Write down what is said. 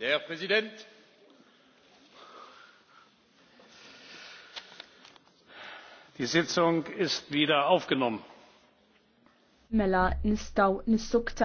Der Präsident. Die Sitzung ist wieder aufgenommen. Mela nistaw nissukta